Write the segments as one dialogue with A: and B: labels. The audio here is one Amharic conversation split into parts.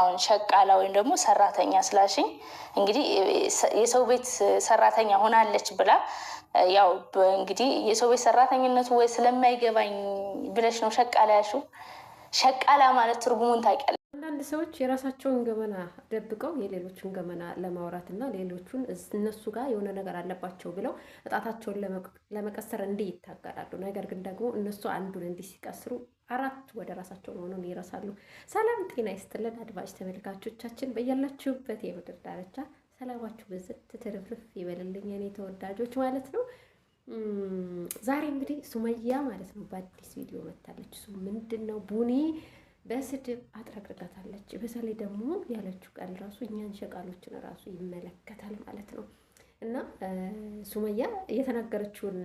A: አሁን ሸቃላ ወይም ደግሞ ሰራተኛ ስላሽኝ እንግዲህ የሰው ቤት ሰራተኛ ሆናለች ብላ ያው እንግዲህ የሰው ቤት ሰራተኝነቱ ወይ ስለማይገባኝ ብለሽ ነው ሸቃላ ያልሽው። ሸቃላ ማለት ትርጉሙን ታውቂያለሽ?
B: አንዳንድ ሰዎች የራሳቸውን ገመና ደብቀው የሌሎችን ገመና ለማውራትና ሌሎቹን እነሱ ጋር የሆነ ነገር አለባቸው ብለው እጣታቸውን ለመቀሰር እንዲህ ይታገላሉ። ነገር ግን ደግሞ እነሱ አንዱን እንዲህ ሲቀስሩ አራት ወደ ራሳቸው መሆኑን ይረሳሉ። ሰላም ጤና ይስጥልን አድማጭ ተመልካቾቻችን በያላችሁበት የምድር ዳርቻ ሰላማችሁ ብዝት ትትርፍርፍ ይበልልኝ የኔ ተወዳጆች ማለት ነው። ዛሬ እንግዲህ ሱመያ ማለት ነው በአዲስ ቪዲዮ መታለች። እሱ ምንድን ነው ቡኒ በስድብ አጥረቅርቃታለች። በተለይ ደግሞ ያለችው ቃል ራሱ እኛን ሸቃሎችን ራሱ ይመለከታል ማለት ነው። እና ሱመያ የተናገረችውን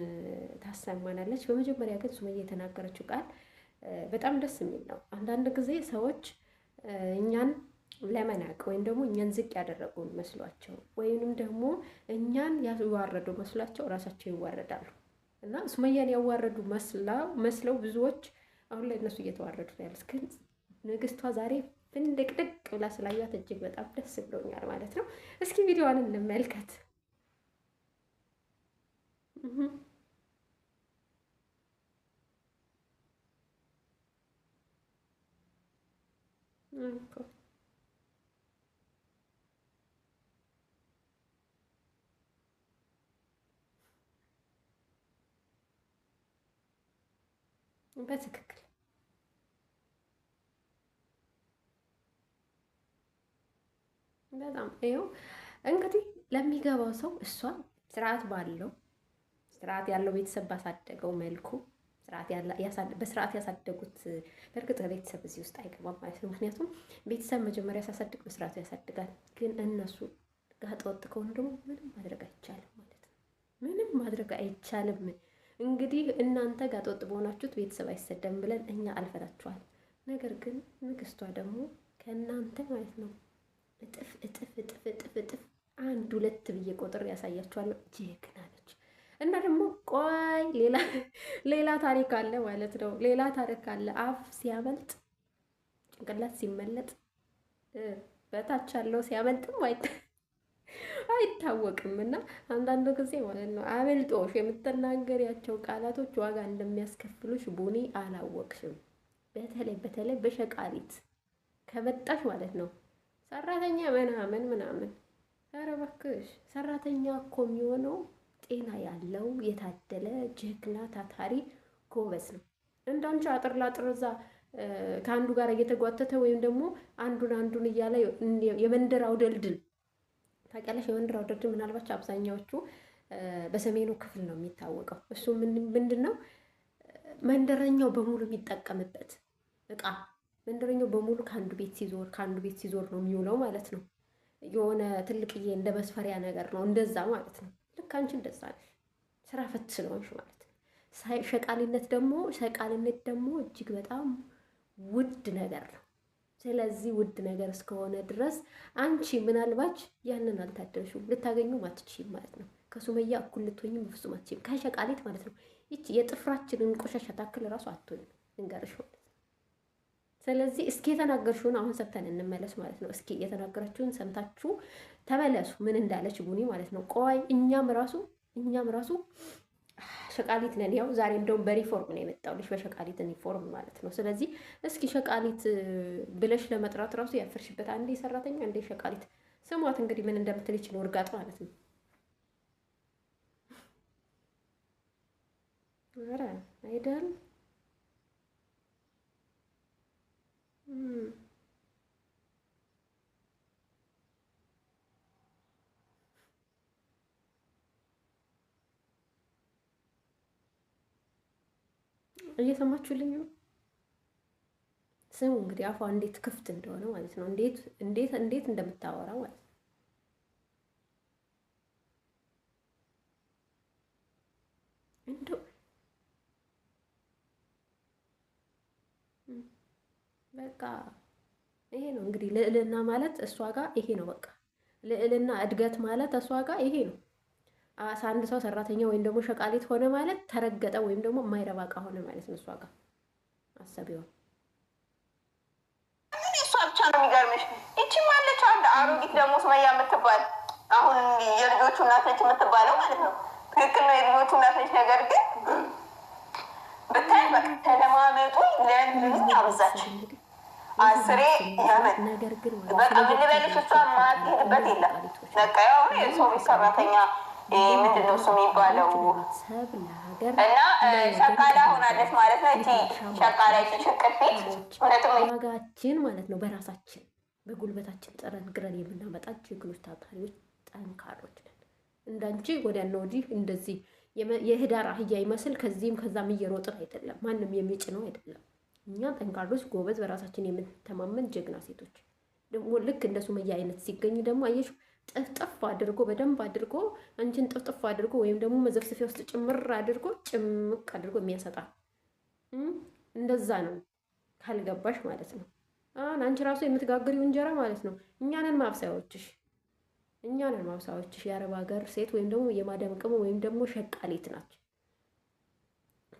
B: ታሰማናለች። በመጀመሪያ ግን ሱመያ የተናገረችው ቃል በጣም ደስ የሚል ነው። አንዳንድ ጊዜ ሰዎች እኛን ለመናቅ ወይም ደግሞ እኛን ዝቅ ያደረጉን መስሏቸው ወይንም ደግሞ እኛን ያዋረዱ መስሏቸው ራሳቸው ይዋረዳሉ። እና ሱመያን ያዋረዱ መስለው ብዙዎች አሁን ላይ እነሱ እየተዋረዱ ነው ያሉት ግን ንግስቷ ዛሬ ፍንድቅድቅ ብላ ስላያት እጅግ በጣም ደስ ብሎኛል ማለት ነው። እስኪ ቪዲዮዋን እንመልከት። በትክክል በጣም ይኸው እንግዲህ ለሚገባው ሰው እሷ ስርዓት ባለው ስርዓት ያለው ቤተሰብ ባሳደገው መልኩ በስርዓት ያሳደጉት። በእርግጥ ቤተሰብ እዚህ ውስጥ አይገባም ማለት ነው። ምክንያቱም ቤተሰብ መጀመሪያ ሲያሳድግ በስርዓቱ ያሳድጋል። ግን እነሱ ጋጠወጥ ከሆኑ ደግሞ ምንም ማድረግ አይቻልም ማለት ነው። ምንም ማድረግ አይቻልም። እንግዲህ እናንተ ጋጠወጥ በሆናችሁት ቤተሰብ አይሰደም ብለን እኛ አልፈታችኋል። ነገር ግን ንግስቷ ደግሞ ከእናንተ ማለት ነው እጥፍ እጥፍ እጥፍ እጥፍ እጥፍ አንድ ሁለት ብዬ ቁጥር ያሳያችኋለሁ። ጀግና ነች እና ደግሞ ቆይ ሌላ ሌላ ታሪክ አለ ማለት ነው። ሌላ ታሪክ አለ። አፍ ሲያመልጥ ጭንቅላት ሲመለጥ በታች ያለው ሲያመልጥም አይታ አይታወቅም እና አንዳንዱ ጊዜ ማለት ነው አመልጦሽ የምትናገሪያቸው ቃላቶች ዋጋ እንደሚያስከፍሉሽ ቡኒ አላወቅሽም። በተለይ በተለይ በሸቃሪት ከመጣሽ ማለት ነው ሰራተኛ ምናምን ምናምን። ኧረ እባክሽ ሰራተኛ እኮ የሚሆነው ጤና ያለው የታደለ ጀግና ታታሪ ጎበዝ ነው። እንዳንቺ አጥር ላጥር እዛ ከአንዱ ጋር እየተጓተተ ወይም ደግሞ አንዱን አንዱን እያለ የመንደር አውደልድል ታውቂያለሽ? የመንደር አውደልድል ምናልባች አብዛኛዎቹ በሰሜኑ ክፍል ነው የሚታወቀው። እሱ ምንድን ነው መንደረኛው በሙሉ የሚጠቀምበት እቃ መንደረኛው በሙሉ ከአንዱ ቤት ሲዞር ከአንዱ ቤት ሲዞር ነው የሚውለው ማለት ነው። የሆነ ትልቅዬ እንደ መስፈሪያ ነገር ነው እንደዛ ማለት ነው። ልክ አንቺ እንደዛ ነሽ፣ ስራ ፈት ስለሆንሽ ማለት ነው። ሸቃሊነት ደግሞ ሸቃሊነት ደግሞ እጅግ በጣም ውድ ነገር ነው። ስለዚህ ውድ ነገር እስከሆነ ድረስ አንቺ ምናልባች ያንን አልታደርሽም ልታገኙ አትችይም ማለት ነው። ከሱመያ እኩል ልትሆኝም በፍጹም አትችይም፣ ከሸቃሊት ማለት ነው። ይቺ የጥፍራችንን ቆሻሻ ታክል ራሱ አትሆኝም እንገርሽ ስለዚህ እስኪ የተናገርሽውን አሁን ሰብተን እንመለስ ማለት ነው። እስኪ የተናገረችውን ሰምታችሁ ተመለሱ፣ ምን እንዳለች ቡኒ ማለት ነው። ቆይ እኛም ራሱ እኛም ራሱ ሸቃሊት ነን። ያው ዛሬ እንደውም በሪፎርም ነው የመጣሁልሽ በሸቃሊት ሪፎርም ማለት ነው። ስለዚህ እስኪ ሸቃሊት ብለሽ ለመጥራት ራሱ ያፈርሽበት። አንዴ ሰራተኛ፣ አንዴ ሸቃሊት። ስሟት እንግዲህ ምን እንደምትልች ነው እርጋጥ ማለት ነው። አይደል እየሰማችሁልኝ ነው? ስሙ እንግዲህ አፏ እንዴት ክፍት እንደሆነ ማለት ነው። እንዴት እንዴት እንዴት እንደምታወራ ማለት ነው። በቃ ይሄ ነው እንግዲህ ልዕልና ማለት እሷ ጋር ይሄ ነው። በቃ ልዕልና እድገት ማለት እሷ ጋር ይሄ ነው። አንድ ሰው ሰራተኛ ወይም ደግሞ ሸቃሊት ሆነ ማለት ተረገጠ ወይም ደግሞ የማይረባ እቃ ሆነ ማለት ነው። እሷ ጋር አሰቢው
A: እሷ ብቻ ነው የሚገርምሽ። ይቺ ማለች አንድ አሮጊት ደግሞ ሱመያ የምትባል አሁን የልጆቹ እናት ነች የምትባለው ማለት ነው። ትክክል ነው፣ የልጆቹ እናት ነች። ነገር ግን ብታይ በቃ ተለማመጡ ለምን አበዛች? አስሬ በቃ ምን ልበልሽ፣ እሷ ማትሄድበት የለም። በቃ ያው የሰው ቤት ሰራተኛ የሚባለው እና
B: ነው። ዋጋችን ማለት ነው። በራሳችን በጉልበታችን ጥረን ግረን የምናመጣ ችግሮች፣ ታታሪዎች፣ ጠንካሮች ነን። እንዳንቺ ወዲያና ወዲህ እንደዚህ የህዳር አህያ ይመስል ከዚህም ከዛም እየሮጥን አይደለም። ማንም የሚጭነው አይደለም። እኛ ጠንካሮች፣ ጎበዝ፣ በራሳችን የምንተማመን ጀግና ሴቶች ደግሞ ልክ እንደ ሱመያ አይነት ሲገኝ ደግሞ አየሽው ጥፍጥፍ አድርጎ በደንብ አድርጎ አንቺን ጥፍጥፍ አድርጎ ወይም ደግሞ መዘፍሰፊያ ውስጥ ጭምር አድርጎ ጭምቅ አድርጎ የሚያሰጣ እንደዛ ነው፣ ካልገባሽ ማለት ነው። አሁን አንቺ ራሱ የምትጋግሪው እንጀራ ማለት ነው። እኛንን ማብሰያዎችሽ፣ እኛንን ማብሰያዎችሽ። የአረብ ሀገር ሴት ወይም ደግሞ የማዳም ቅመም ወይም ደግሞ ሸቃሌት ናቸው።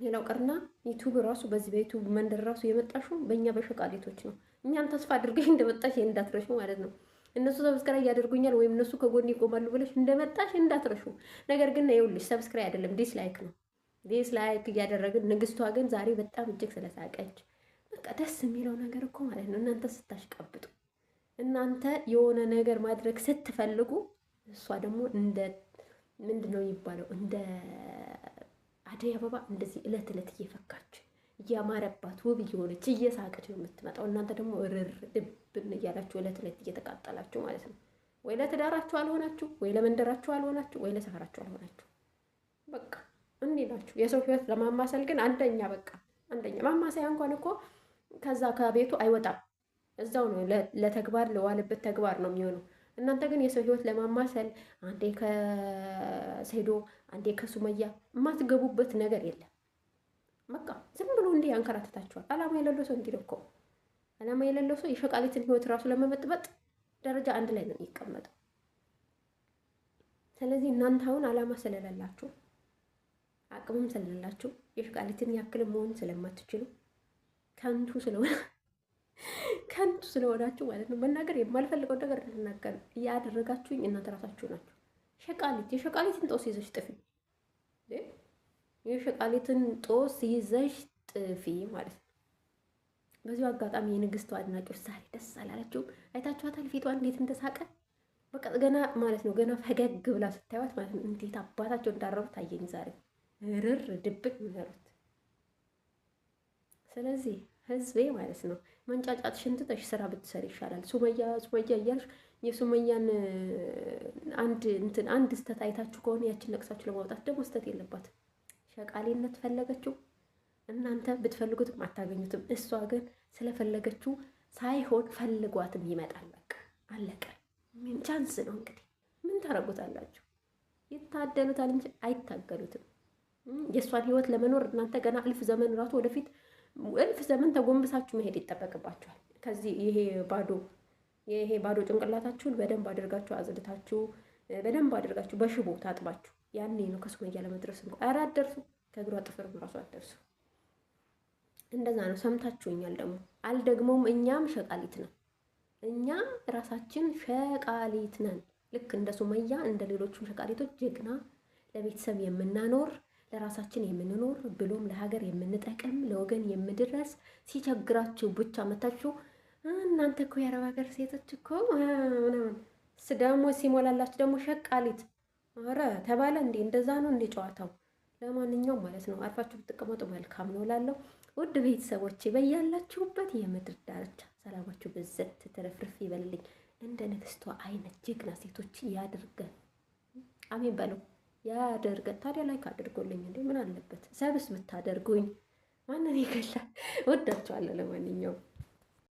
B: ሌላው ቀርና ዩቱብ ራሱ በዚህ በዩቱብ መንደር ራሱ የመጣሽው በእኛ በሸቃሌቶች ነው። እኛን ተስፋ አድርገሽ እንደመጣሽ እንዳትረሽ ማለት ነው። እነሱ ሰብስክራይ ያደርጉኛል ወይም እነሱ ከጎን ይቆማሉ ብለሽ እንደመጣሽ እንዳትረሹ። ነገር ግን ይኸውልሽ ሰብስክራይ አይደለም ዲስላይክ ነው፣ ዲስላይክ እያደረግን። ንግስቷ ግን ዛሬ በጣም እጅግ ስለሳቀች በቃ ደስ የሚለው ነገር እኮ ማለት ነው እናንተ ስታሽቀብጡ፣ እናንተ የሆነ ነገር ማድረግ ስትፈልጉ፣ እሷ ደግሞ እንደ ምንድን ነው የሚባለው እንደ አደይ አበባ እንደዚህ እለት እለት እየፈካች እያማረባት ውብ እየሆነች እየሳቀች ነው የምትመጣው። እናንተ ደግሞ ርር ድብን እያላችሁ እለት እለት እየተቃጠላችሁ ማለት ነው። ወይ ለትዳራችሁ አልሆናችሁ፣ ወይ ለመንደራችሁ አልሆናችሁ፣ ወይ ለሰፈራችሁ አልሆናችሁ። በቃ እንዲህ ናችሁ። የሰው ህይወት ለማማሰል ግን አንደኛ በቃ አንደኛ ማማሰያ እንኳን እኮ ከዛ ከቤቱ አይወጣም። እዛው ነው ለተግባር ለዋለበት ተግባር ነው የሚሆነው። እናንተ ግን የሰው ህይወት ለማማሰል አንዴ ከሰይዶ አንዴ ከሱመያ የማትገቡበት ነገር የለም። በቃ ዝም ብሎ እንዲህ ያንከራተታችኋል። አላማ የሌለው ሰው እንዲህ ነው እኮ። አላማ የሌለው ሰው የሸቃሊትን ህይወት ራሱ ለመበጥበጥ ደረጃ አንድ ላይ ነው የሚቀመጠው። ስለዚህ እናንተ አሁን አላማ ስለሌላችሁ አቅምም ስለሌላችሁ የሸቃሊትን ያክል መሆን ስለማትችሉ ከንቱ ስለሆነ ከንቱ ስለሆናችሁ ማለት ነው መናገር የማልፈልገው ነገር እንድናገር እያደረጋችሁኝ እናንተ ራሳችሁ ናችሁ። ሸቃሊት የሸቃሊትን ጦስ ይዘሽ ጥፊ የሸቃሊትን ጦስ ይዘሽ ጥፊ ማለት ነው። በዚሁ አጋጣሚ የንግስቱ አድናቂዎች ዛሬ ደስ አላላችሁ? አይታችኋታል? ፊቷ እንዴት እንደሳቀ በቃ ገና ማለት ነው ገና ፈገግ ብላ ስታዩት ማለት ነው እንዴት አባታቸው እንዳረሩት አየኝ ዛሬ ርር ድብቅ ይዘሩት። ስለዚህ ህዝቤ ማለት ነው መንጫጫት ሽንትተሽ ስራ ብትሰር ይሻላል። ሱመያ ሱመያ እያልሽ የሱመያን አንድ እንትን አንድ ስተት አይታችሁ ከሆነ ያችን ነቅሳችሁ ለማውጣት ደግሞ ስተት የለባትም። ሸቃሌነት ፈለገችው። እናንተ ብትፈልጉትም አታገኙትም። እሷ ግን ስለፈለገችው ሳይሆን ፈልጓትም ይመጣል። በቃ አለቀ። ምን ቻንስ ነው እንግዲህ ምን ታረጉታላችሁ? ይታደሉታል እንጂ አይታገሉትም። የእሷን ህይወት ለመኖር እናንተ ገና እልፍ ዘመን ራሱ ወደፊት እልፍ ዘመን ተጎንብሳችሁ መሄድ ይጠበቅባችኋል። ከዚህ ይሄ ባዶ ይሄ ባዶ ጭንቅላታችሁን በደንብ አድርጋችሁ አጽድታችሁ በደንብ አድርጋችሁ በሽቦ ታጥባችሁ ያኔ ነው ከሱመያ ለመድረስ እንኳ አያደርሱ ከእግሯ ጥፍር ራሱ አደርሱ። እንደዛ ነው። ሰምታችሁኛል። ደግሞ አልደግሞም። እኛም ሸቃሊት ነን። እኛ ራሳችን ሸቃሊት ነን። ልክ እንደ ሱመያ እንደ ሌሎቹም ሸቃሊቶች ጀግና ለቤተሰብ የምናኖር ለራሳችን የምንኖር ብሎም ለሀገር የምንጠቅም ለወገን የምንድረስ ሲቸግራችሁ ብቻ መታችሁ እናንተ እኮ የአረብ ሀገር ሴቶች እኮ ምናምን ደግሞ ሲሞላላችሁ ደግሞ ሸቃሊት ኧረ ተባለ እንዴ! እንደዛ ነው እንዴ ጨዋታው? ለማንኛውም ማለት ነው አርፋችሁ ብትቀመጡ መልካም ነው እላለሁ። ውድ ቤተሰቦቼ በያላችሁበት የምድር ዳርቻ ሰላማችሁ ብዘት ትረፍርፍ ይበልልኝ። እንደ ንግስቷ አይነት ጀግና ሴቶች ያድርገን። አሜን በለው ያደርገን። ታዲያ ላይክ አድርጎልኝ እንዴ ምን አለበት? ሰብስ ምታደርጉኝ ማንን ይገላል? ወዳችኋለሁ። ለማንኛውም